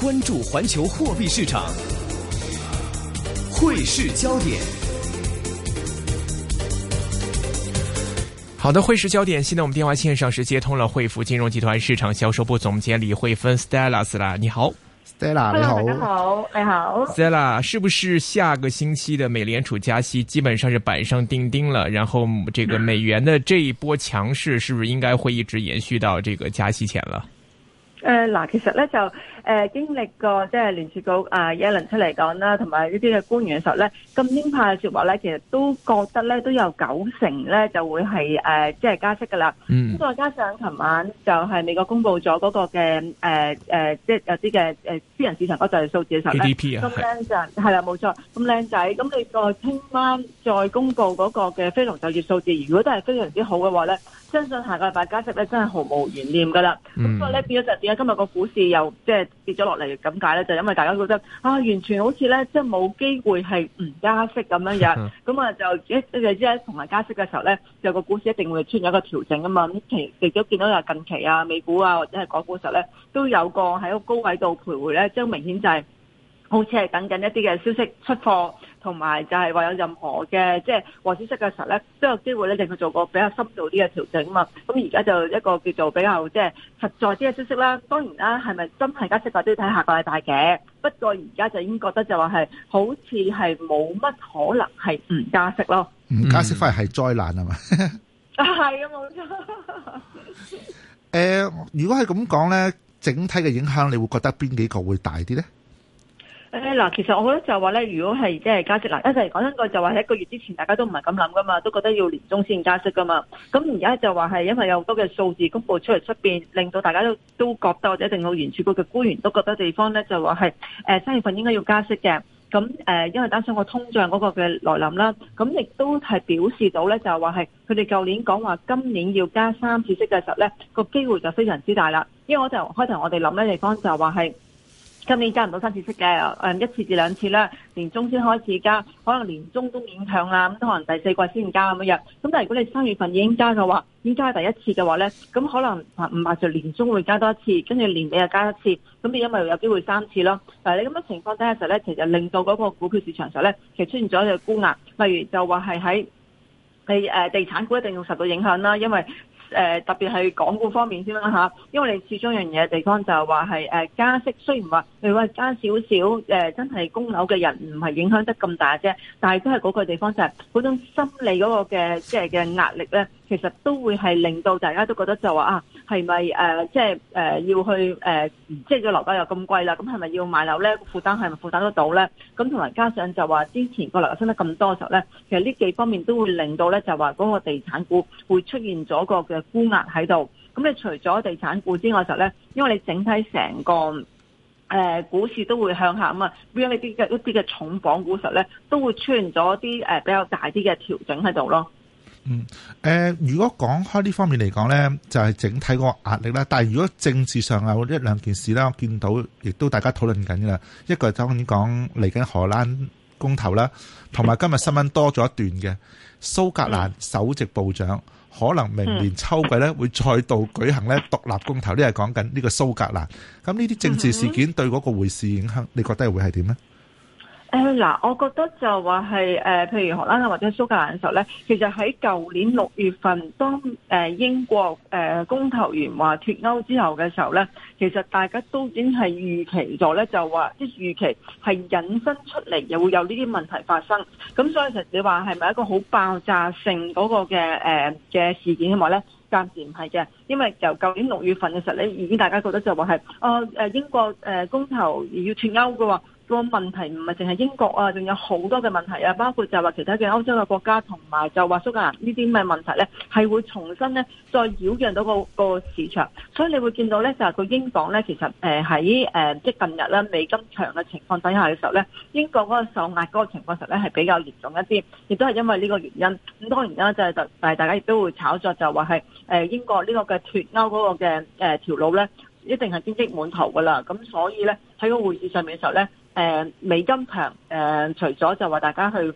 關注環球貨幣市場，匯市焦點。好的，匯市焦點。現在我們電話線上是接通了匯富金融集團市場銷售部總監李慧芬 Stella 啦，你好，Stella，你好，你好，你好，Stella，是不是下個星期的美聯儲加息基本上是板上釘釘了？然後這個美元的這一波強勢是不是應該會一直延續到這個加息前了？嗯、呃，那其實呢就。誒、呃、經歷過即係聯儲局啊耶倫出嚟講啦，同埋呢啲嘅官員嘅時候咧，咁鷹派嘅說話咧，其實都覺得咧都有九成咧就會係誒即係加息㗎啦。嗯，咁加上琴晚就係美國公布咗嗰個嘅誒誒，即係有啲嘅誒私人市場個就係數字嘅時候咧，咁靚仔係啦冇錯，咁靚仔，咁你再聽晚再公布嗰個嘅非農就業數字，如果都係非常之好嘅話咧，相信下個禮拜加息咧真係毫無懸念㗎啦。咁、嗯、不過咧變咗就點點解今日個股市又即跌咗落嚟嘅。咁解咧，就因為大家覺得啊，完全好似咧，即係冇機會係唔加息咁樣樣，咁啊 就一，你知啦，同埋加息嘅時候咧，就有個股市一定會出現一個調整啊嘛。咁其亦都見到，又近期啊，美股啊，或者係港股嘅時候咧，都有個喺個高位度徘徊咧，即係明顯就係好似係等緊一啲嘅消息出貨。同埋就係話有任何嘅即係壞消息嘅時候咧，都有機會咧令佢做個比較深度啲嘅調整啊嘛。咁而家就一個叫做比較即係實在啲嘅消息啦。當然啦，係咪真係加息啊？都要睇下個禮拜嘅。不過而家就已經覺得就話係好似係冇乜可能係唔加息咯。唔加息反而係災難是是 啊嘛。係啊，冇錯。誒，如果係咁講咧，整體嘅影響，你會覺得邊幾個會大啲咧？嗱，其實我覺得就話咧，如果係即係加息啦，啦一陣講一個就話係一個月之前大家都唔係咁諗噶嘛，都覺得要年中先加息噶嘛。咁而家就話係因為有好多嘅數字公布出嚟出面，令到大家都都覺得或者令到，聯儲局嘅官員都覺得地方咧就話係誒三月份應該要加息嘅。咁誒、呃，因為擔心個通脹嗰個嘅來臨啦，咁亦都係表示到咧就話係佢哋舊年講話今年要加三次息嘅時候咧，個機會就非常之大啦。因為我就開頭我哋諗呢地方就話係。今年加唔到三次息嘅、嗯，一次至兩次啦，年中先開始加，可能年中都勉強啦，咁都可能第四季先加咁樣，咁但係如果你三月份已經加嘅話，已經加第一次嘅話咧，咁、嗯、可能唔係就年中會加多一次，跟住年尾又加一次，咁你因為會有機會三次咯。但、啊、係你咁嘅情況底下時候咧，其實令到嗰個股票市場上呢，咧，其實出現咗一個沽壓，例如就話係喺地地產股一定要受到影響啦，因為。誒，特別係港股方面先啦吓，因為你始終樣嘢地方就係話係誒加息，雖然話譬如話加少少，誒真係供樓嘅人唔係影響得咁大啫，但係都係嗰個地方就係嗰種心理嗰個嘅即係嘅壓力咧，其實都會係令到大家都覺得就話啊。係咪誒，即係誒、呃，要去誒、呃，即係個樓價又咁貴啦？咁係咪要買樓咧？負擔係咪負擔得到咧？咁同埋加上就話之前個樓價升得咁多時候咧，其實呢幾方面都會令到咧，就話嗰個地產股會出現咗個嘅沽壓喺度。咁你除咗地產股之外，時候咧，因為你整體成個誒、呃、股市都會向下，吖嘛。邊一啲嘅一啲嘅重磅股實咧，都會出現咗啲誒比較大啲嘅調整喺度咯。嗯、呃，如果講開呢方面嚟講呢就係、是、整體個壓力啦。但係如果政治上有一兩件事呢，我見到亦都大家討論緊嘅，一個係當然講嚟緊荷蘭公投啦，同埋今日新聞多咗一段嘅蘇格蘭首席部長可能明年秋季呢會再度舉行呢獨立公投，呢係講緊呢個蘇格蘭。咁呢啲政治事件對嗰個匯市影響，你覺得會係點呢？誒嗱、嗯，我覺得就話係誒，譬如荷蘭啊或者蘇格蘭嘅時候咧，其實喺舊年六月份當誒英國誒公投員話脱歐之後嘅時候咧，其實大家都已經係預期咗咧，就話即係預期係引申出嚟又會有呢啲問題發生。咁所以其實你話係咪一個好爆炸性嗰個嘅誒嘅事件嘅話咧？暫時唔係嘅，因為由舊年六月份嘅時候咧，已經大家覺得就話係哦誒英國誒公投要脱歐嘅喎。個問題唔係淨係英國啊，仲有好多嘅問題啊，包括就係話其他嘅歐洲嘅國家同埋就話蘇格蘭呢啲咁嘅問題咧，係會重新咧再擾攘到個個市場，所以你會見到咧就係、是、佢英港個英鎊咧其實誒喺誒即係近日咧美金強嘅情況底下嘅時候咧，英國嗰個受壓嗰個情況實咧係比較嚴重一啲，亦都係因為呢個原因。咁當然啦、就是，就係就係大家亦都會炒作就話係誒英國呢個嘅脫歐嗰個嘅誒條路咧。一定係經濟滿頭嘅啦，咁所以咧喺個會議上面嘅時候咧，美金強、呃、除咗就話大家去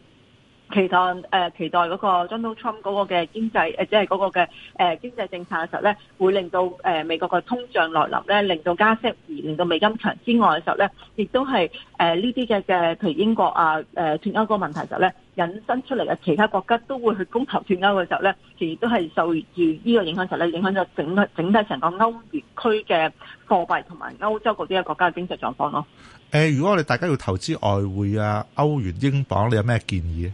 期待誒、呃、期待嗰個 Donald Trump 嗰個嘅經濟即係嗰個嘅、呃、經濟政策嘅時候咧，會令到美國嘅通脹來臨咧，令到加息而令到美金強之外嘅時候咧，亦都係誒呢啲嘅嘅，譬如英國啊誒脱、啊、歐個問題嘅時候咧。引申出嚟嘅其他國家都會去公投脱歐嘅時候咧，其實都係受住呢個影響時候咧，影響咗整整體成個歐元區嘅貨幣同埋歐洲嗰啲嘅國家嘅經濟狀況咯。誒、呃，如果我哋大家要投資外匯啊、歐元、英鎊，你有咩建議？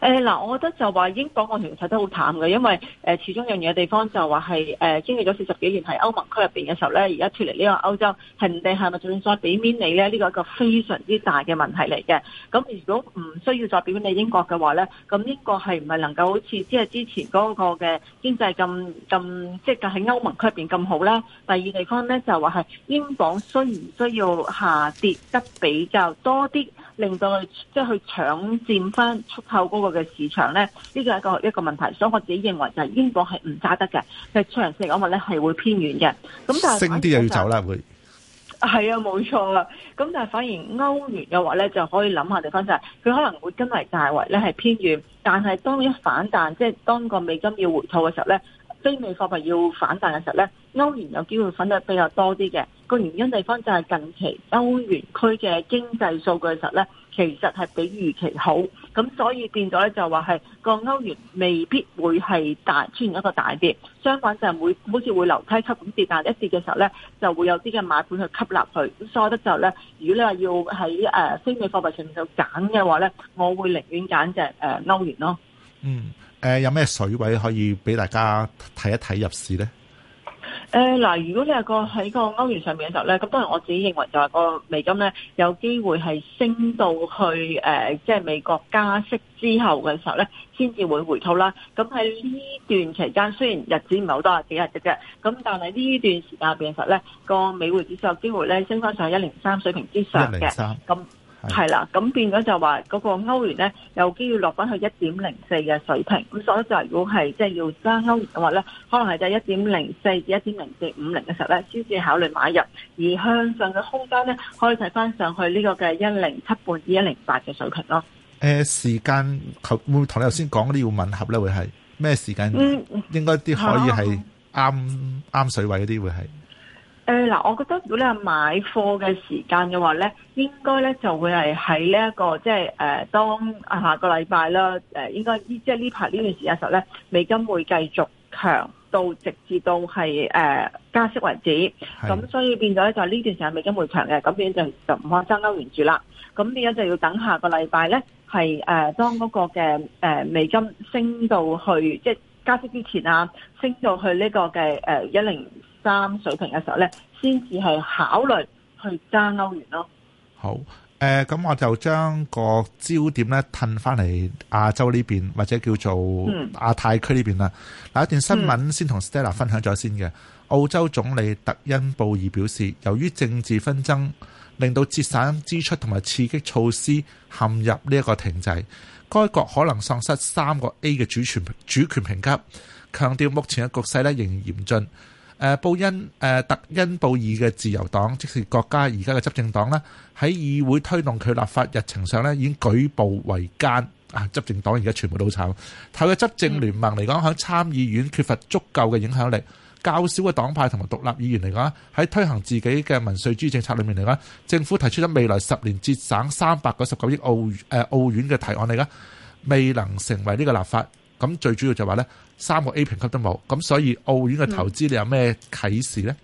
誒嗱、呃，我覺得就話英鎊我其實睇得好淡嘅，因為誒、呃、始終有樣嘢地方就話係誒經歷咗四十幾年喺歐盟區入邊嘅時候咧，而家脱離呢個歐洲，係唔係係咪仲要再俾面你咧？呢個係一個非常之大嘅問題嚟嘅。咁如果唔需要再俾面你英國嘅話咧，咁英國係唔係能夠好似即係之前嗰個嘅經濟咁咁即係喺歐盟區入邊咁好咧？第二地方咧就話係英鎊需唔需要下跌得比較多啲？令到佢即係去搶佔翻出口嗰個嘅市場咧，呢個係一個一個問題。所以我自己認為就係英國係唔揸得嘅，其實長線講話咧係會偏軟嘅。咁但係、就是、升啲又要走啦，會係啊，冇錯啦。咁但係反而歐元嘅話咧，就可以諗下嘅地方就係，佢可能會跟嚟大圍咧係偏軟，但係當一反彈，即、就、係、是、當個美金要回吐嘅時候咧，非美貨幣要反彈嘅時候咧，歐元有機會反得比較多啲嘅。個原因地方就係近期歐元區嘅經濟數據實咧，其實係比預期好，咁所以變咗咧就話係個歐元未必會係大出現一個大跌，相反就係好似會樓梯級咁跌，但係一跌嘅時候咧就會有啲嘅買盤去吸納佢，咁所以得就咧，如果你話要喺誒非美貨幣上面度揀嘅話咧，我會寧願揀隻誒歐元咯。嗯，呃，有咩水位可以俾大家睇一睇入市咧？誒嗱、呃，如果你係個喺個歐元上面嘅時候咧，咁當然我自己認為就係個美金咧有機會係升到去誒，即、呃、係、就是、美國加息之後嘅時候咧，先至會回吐啦。咁喺呢段期間，雖然日子唔係好多啊，幾日嘅啫，咁但係呢段時間入面嘅時候咧、個美匯指數有機會咧升翻上去一零三水平之上嘅。一零三。咁。係啦，咁變咗就話嗰個歐元咧，有機會落翻去一點零四嘅水平。咁所以就如果係即係要揸歐、就是、元嘅話咧，可能係就係一點零四至一點零四五零嘅時候咧，先至考慮買入。而向上嘅空間咧，可以睇翻上去呢個嘅一零七半至一零八嘅水平咯。誒、呃，時間會會同你頭先講嗰啲要吻合咧？會係咩時間？嗯、應該啲可以係啱啱水位嗰啲會係。誒，嗱、呃，我覺得如果你係買貨嘅時間嘅話咧，應該咧就會係喺呢一個即係誒，當、呃、下個禮拜啦，誒、呃，應該即係呢排呢段時間的時候咧，美金會繼續強到直至到係誒、呃、加息為止。咁的所以變咗咧就呢、是、段時間美金會強嘅，咁變就就唔可爭歐元住啦。咁變咗就要等下個禮拜咧，係誒、呃、當嗰個嘅誒、呃、美金升到去即係加息之前啊，升到去呢個嘅誒一零。呃三水平嘅時候咧，先至係考慮去爭歐元咯。好、呃、誒，咁我就將個焦點咧褪翻嚟亞洲呢邊，或者叫做亞太區呢邊啦。嗱、嗯、一段新聞先同 Stella 分享咗先嘅。嗯、澳洲總理特恩布爾表示，由於政治紛爭，令到節省支出同埋刺激措施陷入呢一個停滯，該國可能喪失三個 A 嘅主權主權評級，強調目前嘅局勢咧仍然嚴峻。誒布、呃、恩誒、呃、特恩布爾嘅自由黨，即是國家而家嘅執政黨呢，喺議會推動佢立法日程上呢已經舉步維艱啊！執政黨而家全部都好慘。睇佢執政聯盟嚟講，喺參議院缺乏足夠嘅影響力，較少嘅黨派同埋獨立議員嚟講，喺推行自己嘅民粹主義政策裏面嚟講，政府提出咗未來十年節省三百九十九億澳、呃、澳元嘅提案嚟噶，未能成為呢個立法。咁最主要就話咧三個 A 評級都冇，咁所以澳元嘅投資你有咩啟示咧？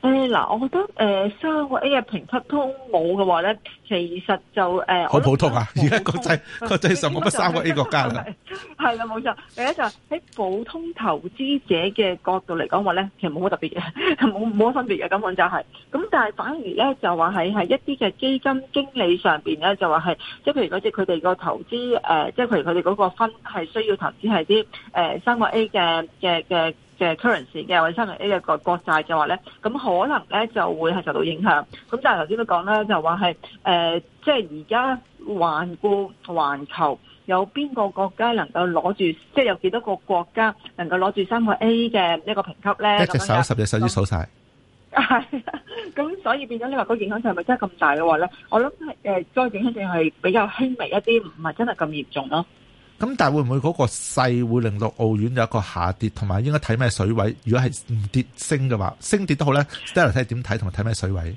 誒，嗱、呃，我覺得誒、呃，三個 A 嘅評級通冇嘅話咧，其實就誒，好、呃、普通啊！而家國際國際上冇乜三個 A 國家噶，係啦，冇錯。第一就喺、是、普通投資者嘅角度嚟講話咧，其實冇乜特別嘅，冇冇乜分別嘅，根本就係、是。咁但係反而咧，就話係係一啲嘅基金經理上邊咧、就是，就話、是、係、呃，即係譬如嗰隻佢哋個投資誒，即係譬如佢哋嗰個分係需要投資係啲誒，三個 A 嘅嘅嘅。嘅 currency 嘅或者三個 A 嘅國國債嘅話咧，咁可能咧就會係受到影響。咁但係頭先都講啦，就話係誒，即係而家環顧環球，有邊個國家能夠攞住，即係有幾多個國家能夠攞住三個 A 嘅呢個評級咧？一隻手十隻樣手指數晒。係。咁所以變咗你響是是話個影響性係咪真係咁大嘅話咧？我諗係誒，再影響性係比較輕微一啲，唔係真係咁嚴重咯。咁但係會唔會嗰個勢會令到澳元有一個下跌，同埋應該睇咩水位？如果係唔跌升嘅話，升跌都好咧。Stella 睇點睇同埋睇咩水位？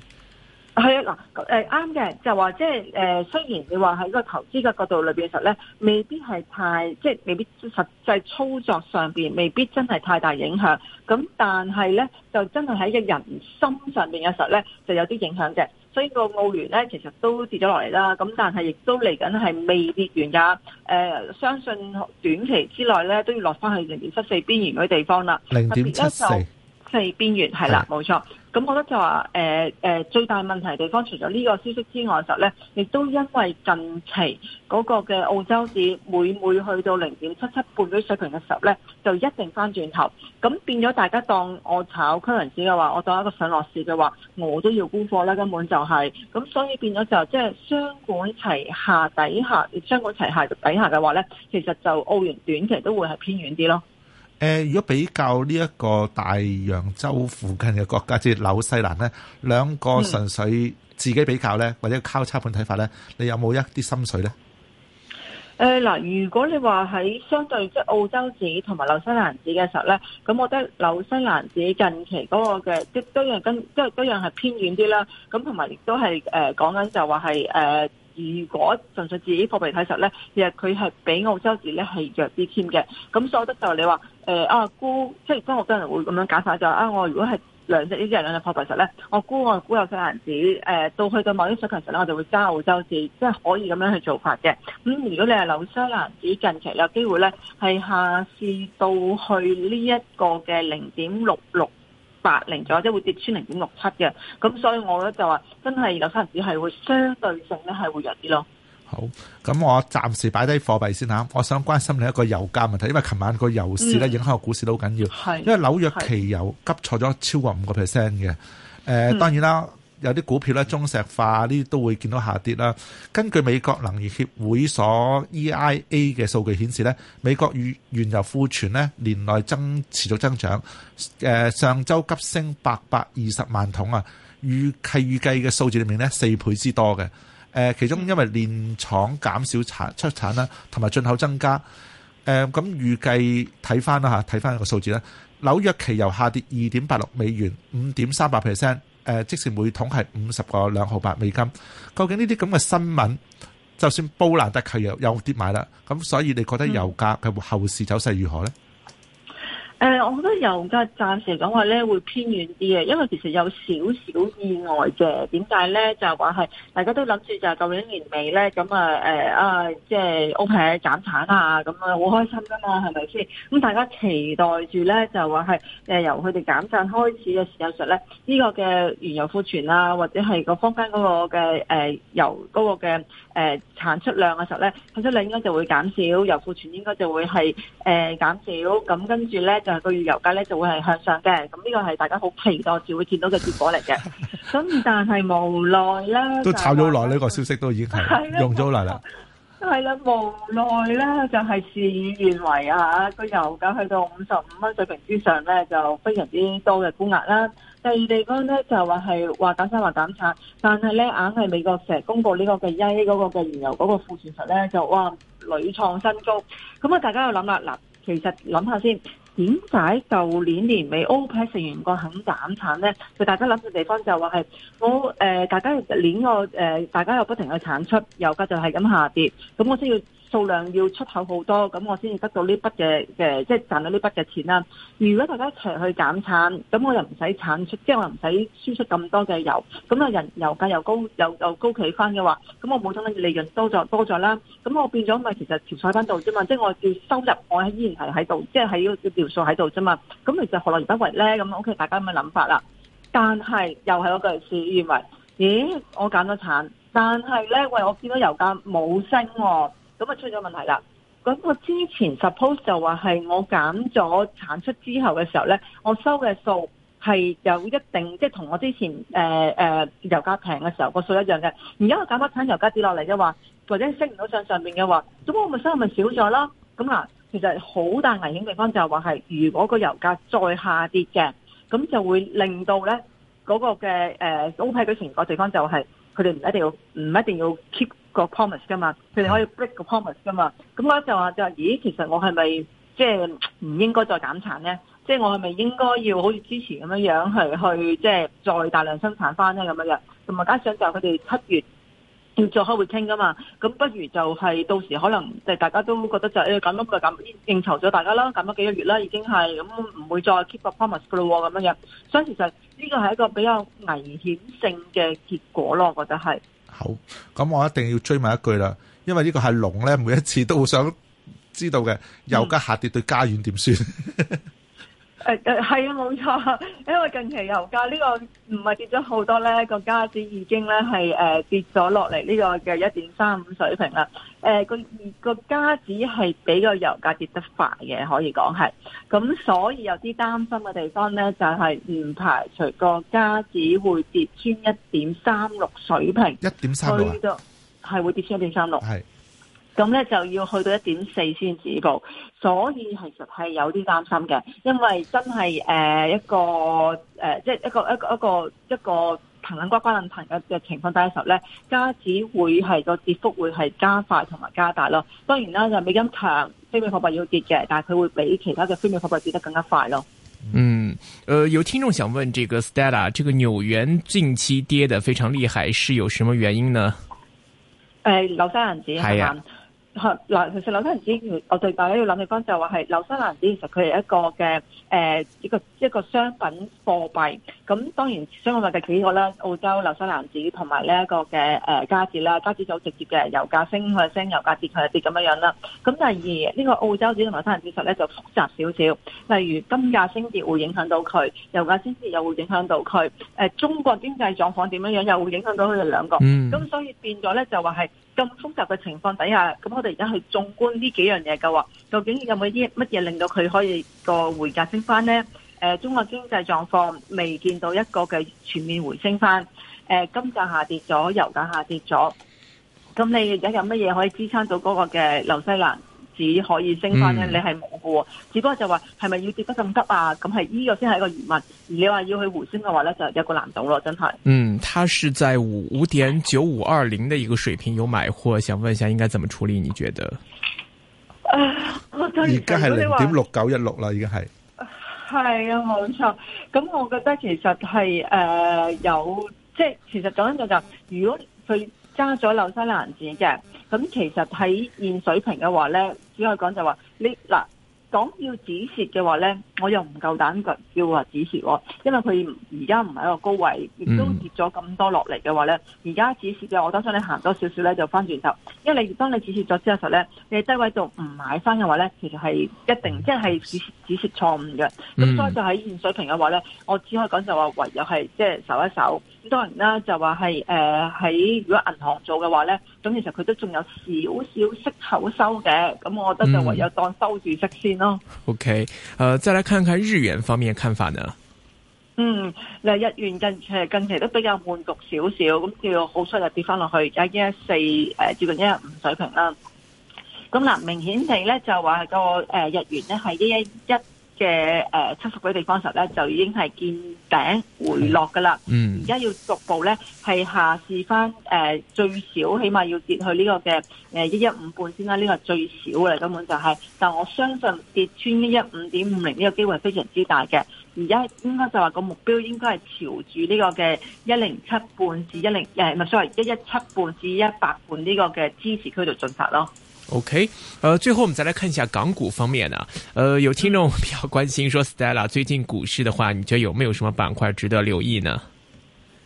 係啊，嗱、嗯，啱嘅，就話即係誒，雖然你話喺個投資嘅角度裏面嘅時候咧，未必係太即係未必實際操作上面未必真係太大影響。咁但係咧，就真係喺個人心上面嘅時候咧，就有啲影響嘅。所以個澳聯咧，其實都跌咗落嚟啦。咁但係亦都嚟緊係未跌完㗎。呃，相信短期之內咧，都要落翻去零點七四邊緣嗰啲地方啦。零點七四。四邊緣係啦，冇的錯。咁我覺得就話誒誒最大問題地方，除咗呢個消息之外時候咧，亦都因為近期嗰個嘅澳洲指每每去到零點七七半嗰水平嘅時候咧，就一定翻轉頭。咁變咗大家當我炒區銀指嘅話，我當一個上落市嘅話，我都要沽貨啦，根本就係、是、咁。咁所以變咗就即係、就是、雙管齊下底下，雙管齊下底下嘅話咧，其實就澳元短期都會係偏遠啲咯。誒、呃，如果比較呢一個大洋洲附近嘅國家，哦、即係紐西蘭咧，兩個純粹自己比較咧，嗯、或者交叉盤睇法咧，你有冇一啲心水咧？誒嗱、呃，如果你話喺相對即澳洲指同埋紐西蘭指嘅時候咧，咁我覺得紐西蘭指近期嗰個嘅即都係跟都都樣係偏遠啲啦。咁同埋亦都係誒講緊就話係誒。呃如果純粹自己貨幣睇實咧，其實佢係比澳洲紙咧係弱啲添嘅。咁所以得就你話誒啊沽，即係真係好多人會咁樣解法就係、是、啊，我如果係兩隻呢啲係兩隻貨幣實咧，我沽我沽紐西蘭紙誒、呃，到去到某啲水平實咧，我就會揸澳洲紙，即、就、係、是、可以咁樣去做法嘅。咁如果你係紐西蘭紙近期有機會咧，係下市到去呢一個嘅零點六六。八零咗，即會跌穿零點六七嘅，咁所以我咧就話，真係樓市係會相對性咧係會弱啲咯。好，咁我暫時擺低貨幣先嚇，我想關心你一個油價問題，因為琴晚個油市咧影響個股市都好緊要，嗯、因為紐約期油急挫咗超過五個 percent 嘅，誒、呃、當然啦。嗯有啲股票咧，中石化呢啲都會見到下跌啦。根據美國能源協會所 EIA 嘅數據顯示咧，美國與原油庫存呢年內增持續增長。上週急升八百二十萬桶啊，預計預計嘅數字裏面呢四倍之多嘅。其中因為煉廠減少出產啦，同埋進口增加。咁預計睇翻啦嚇，睇翻個數字啦。紐約期油下跌二點八六美元，五點三八 percent。誒、呃，即時每桶係五十個兩毫八美金，究竟呢啲咁嘅新聞，就算布蘭特佢又有跌埋啦，咁所以你覺得油價嘅後市走勢如何咧？誒、呃，我覺得油價暫時講話咧會偏遠啲嘅，因為其實有少少意外嘅。點解咧？就係話係大家都諗住就係舊年年尾咧，咁啊誒啊，即係 OPEC 減產啊，咁樣好開心㗎嘛，係咪先？咁、嗯、大家期待住咧就話係誒由佢哋減產開始嘅時候，實咧呢個嘅原油庫存啊，或者係個坊間嗰個嘅誒油嗰個嘅誒、呃那個呃、產出量嘅時候咧，產出量應該就會減少，油庫存應該就會係誒、呃、減少。咁跟住咧就個月油價咧就會係向上嘅，咁呢個係大家好期待就會見到嘅結果嚟嘅。咁 但係無奈啦，都炒咗好耐呢個消息都已經用咗耐啦。係啦、這個，無奈咧就係、是、事與願違啊！個油價去到五十五蚊水平之上咧，就非常之多嘅沽壓啦。第二地方咧就話係話減產或減產，但係咧硬係美國成日公布呢個嘅一嗰個嘅原油嗰個庫存率咧就哇屢創新高。咁啊，大家又諗啦嗱，其實諗下先。點解舊年年尾 OPEC 成員國肯減產咧？佢大家諗嘅地方就係話係我誒，大家年個誒、呃，大家又不停去產出，油價就係咁下跌，咁我需要。數量要出口好多，咁我先至得到呢筆嘅嘅，即係賺到呢筆嘅錢啦。如果大家一齊去減產，咁我又唔使產出，即係我又唔使輸出咁多嘅油。咁啊，油價又高，又又高企翻嘅話，咁我冇等啲利潤多咗多咗啦。咁我變咗咪其實調數喺翻度啫嘛，即係我叫收入，我依然係喺度，即係喺個調數喺度啫嘛。咁其實何樂而不為咧？咁 OK，大家咁嘅諗法啦。但係又係我嘅疑問，咦？我減咗產，但係咧喂，我見到油價冇升喎、啊。咁咪出咗問題啦！咁我之前 suppose 就話係我減咗產出之後嘅時候咧，我收嘅數係有一定即係同我之前誒、呃呃、油價平嘅時候、個數一樣嘅。而家我減咗產油價跌落嚟嘅話，或者升唔到上上邊嘅話，咁我咪收咪少咗囉。咁嗱，其實好大危險地方就係話係如果個油價再下跌嘅，咁就會令到咧嗰、嗰個嘅誒 OPEC 舉錢個地方就係佢哋唔一定要唔一定要 keep。個 promise 㗎嘛，佢哋可以 break 個 promise 㗎嘛，咁我就話就咦，其實我係咪即係唔應該再減產咧？即係我係咪應該要好似之前咁樣樣係去即係再大量生產翻咧咁樣樣？同埋加上就佢哋七月要再開會傾㗎嘛，咁不如就係到時可能即係大家都覺得就誒減咁就減應酬咗大家啦，減咗幾個月啦，已經係咁唔會再 keep 個 promise 㗎咯，咁樣樣，所以其實呢個係一個比較危險性嘅結果咯，我覺得係。好，咁我一定要追問一句啦，因為個呢個係龍咧，每一次都好想知道嘅，油價下跌對家園點算？ 誒誒，係啊，冇錯，因為近期油價呢個唔係跌咗好多咧，個加紙已經咧係誒跌咗落嚟呢個嘅一點三五水平啦。誒個個加紙係比個油價跌得快嘅，可以講係。咁所以有啲擔心嘅地方咧，就係唔排除個加紙會跌穿一點三六水平，一點三六係會跌穿一點三六。咁咧就要去到一點四先止步，所以其實係有啲擔心嘅，因為真係誒、呃、一個誒、呃、即係一個一個一個一個騰冷瓜瓜楞騰嘅嘅情況底下，時候咧，加息會係個跌幅會係加快同埋加大咯。當然啦，就美金強，非美貨幣要跌嘅，但係佢會比其他嘅非美貨幣跌得更加快咯。嗯、誒、呃，有聽眾想問，這個 Stella，這個紐元近期跌得非常厲害，是有什麼原因呢？誒、呃，樓價人紙係嘛？哎嗯、其實紐西蘭紙，我哋大家要諗嘅方就話係紐西蘭紙，其實佢係一個嘅誒、呃、一個一個商品貨幣。咁當然，相關問題佢呢個咧，澳洲紐西蘭紙同埋呢一個嘅誒加紙啦，加紙就直接嘅，油價升佢就升，油價跌佢就跌咁樣樣啦。咁第二呢個澳洲紙同埋紐西蘭紙實咧就複雜少少。例如金價升跌會影響到佢，油價升跌又會影響到佢、呃。中國經濟狀況點樣樣又會影響到佢哋兩個。咁、嗯、所以變咗咧就話係。咁複雜嘅情況底下，咁我哋而家去縱觀呢幾樣嘢嘅話，究竟有冇啲乜嘢令到佢可以個匯價升翻呢？誒、呃，中國經濟狀況未見到一個嘅全面回升翻，誒、呃，金價下跌咗，油價下跌咗，咁你而家有乜嘢可以支撐到嗰個嘅紐西蘭？只可以升翻咧，你係冇嘅。只不過就話係咪要跌得咁急啊？咁係呢個先係一個疑問。而你話要去回升嘅話咧，就一個難度咯，真係。嗯，他是在五點九五二零嘅一個水平有買貨，想問一下應該怎麼處理？你覺得？而家係零點六九一六啦，已經係。係、呃、啊，冇錯。咁我覺得其實係誒、呃、有，即係其實講緊就就是，如果佢揸咗紐西蘭紙嘅，咁其實喺現水平嘅話咧。只可以講就話，你嗱，講要止蝕嘅話咧，我又唔夠膽講要話止蝕喎，因為佢而家唔係一個高位，亦都跌咗咁多落嚟嘅話咧，而家止蝕嘅話，我相信你行多少少咧就翻轉頭，因為你當你止蝕咗之後咧，你低位度唔買翻嘅話咧，其實係一定即係、係、止蝕止蝕錯誤嘅。咁、嗯、所以就喺現水平嘅話咧，我只可以講就話唯有係即係守一守。很多人啦，就話係誒喺，如果銀行做嘅話咧，咁其實佢都仲有少少息口收嘅，咁我覺得就唯有當收住息先咯。嗯、OK，誒、呃，再嚟看看日元方面嘅看法呢？嗯，嗱，日元近誒近期都比較悶局少少，咁叫好衰就跌翻落去一一四誒接近一五水平啦。咁嗱，明顯地咧就話、那個誒、呃、日元咧係一一一。嘅誒七十五地方時候咧，就已經係見頂回落噶啦。而家、嗯嗯、要逐步咧係下試翻誒、呃、最少，起碼要跌去呢個嘅誒一一五半先啦。呢、呃這個係最少嘅根本就係、是，但我相信跌穿一一五點五零呢個機會係非常之大嘅。而家應該就話個目標應該係朝住呢個嘅一零七半至一零誒，唔係所謂一一七半至一一八半呢個嘅支持區度進發咯。OK，呃，最後我們再來看一下港股方面的啊，呃，有聽眾比較關心說，Stella 最近股市的話，你覺得有沒有什麼板塊值得留意呢？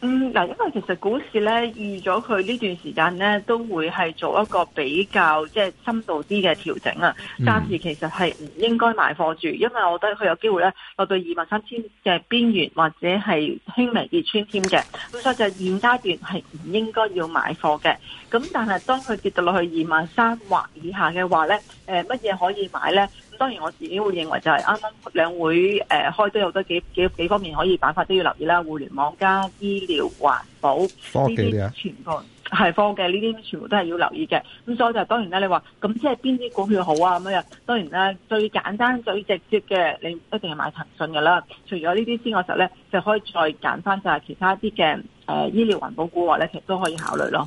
嗯，嗱，因為其實股市咧，預咗佢呢段時間咧都會係做一個比較即係深度啲嘅調整啊。暫時其實係唔應該買貨住，因為我覺得佢有機會咧落到二萬三千嘅邊緣，或者係輕微跌穿添嘅。咁所以就現階段係唔應該要買貨嘅。咁但係當佢跌到落去二萬三或以下嘅話咧，誒、呃，乜嘢可以買咧？當然我自己會認為就係啱啱兩會誒、呃、開都有好多幾幾，幾方面可以辦法，都要留意啦，互聯網加、醫療環保呢啲全部係科嘅呢啲全部都係要留意嘅。咁所以就當然啦，你話咁即係邊啲股票好啊咁樣？當然啦，最簡單最直接嘅你一定係買騰訊嘅啦。除咗呢啲之外就咧，就可以再揀翻就係其他啲嘅誒醫療環保股話咧，其實都可以考慮咯。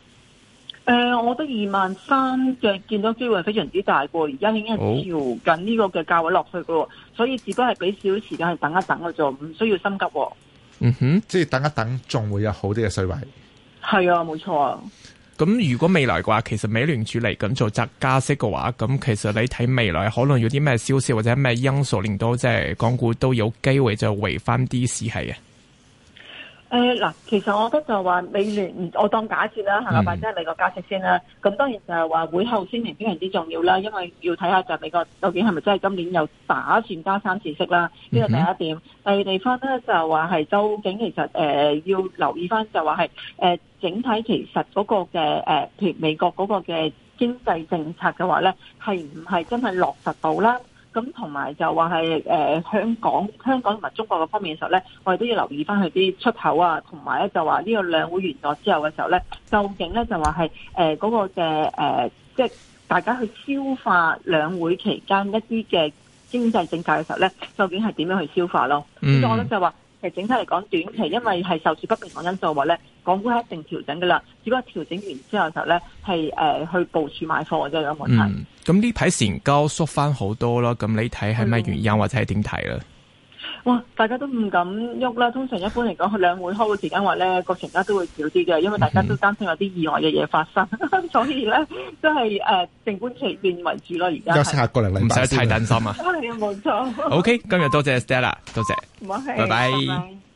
誒，我覺得二萬三嘅見到機會非常之大嘅，而家已經調緊呢個嘅價位落去嘅，好所以只不過係俾少時間去等一等嘅啫，唔需要心急。嗯哼，即係等一等，仲會有好啲嘅水位。係啊，冇錯啊。咁如果未來嘅話，其實美聯儲嚟咁做則加息嘅話，咁其實你睇未來可能有啲咩消息或者咩因素令到即係港股都有機會就回翻啲市係啊。誒嗱，uh, 其實我覺得就係話美聯，我當假設啦，係咪、mm hmm. 真係美國加息先啦、啊？咁當然就係話會後先年非常之重要啦，因為要睇下就美國究竟係咪真係今年又打算加三次息啦？呢個、mm hmm. 第一點。第二地方咧就係話係究竟其實誒、呃、要留意翻就話係誒整體其實嗰個嘅誒譬如美國嗰個嘅經濟政策嘅話咧，係唔係真係落實到啦？咁同埋就話、是、係、呃、香港香港同埋中國嘅方面嘅時候咧，我哋都要留意返佢啲出口啊，同埋咧就話呢個兩會完咗之後嘅時候咧，究竟咧就話係嗰個嘅、呃、即係大家去消化兩會期間一啲嘅經濟政策嘅時候咧，究竟係點樣去消化咯？我就、嗯其實整體嚟講，短期因為係受住各方面因素嘅話咧，港股係一定調整噶啦。只不過調整完之後嘅時候咧，係誒、呃、去部署買貨嘅者有冇？那麼嗯，咁呢排成交縮翻好多囉。咁你睇係咩原因是的或者係點睇啦？哇！大家都唔敢喐啦。通常一般嚟講，佢兩會開嘅時間話咧，個成交都會少啲嘅，因為大家都擔心有啲意外嘅嘢發生，呵呵所以咧都係誒靜觀其變為主咯。而家休息下過嚟，唔使太擔心啊。係有冇錯。OK，今日多謝，謝 Stella，多謝，謝，拜拜。Bye bye bye bye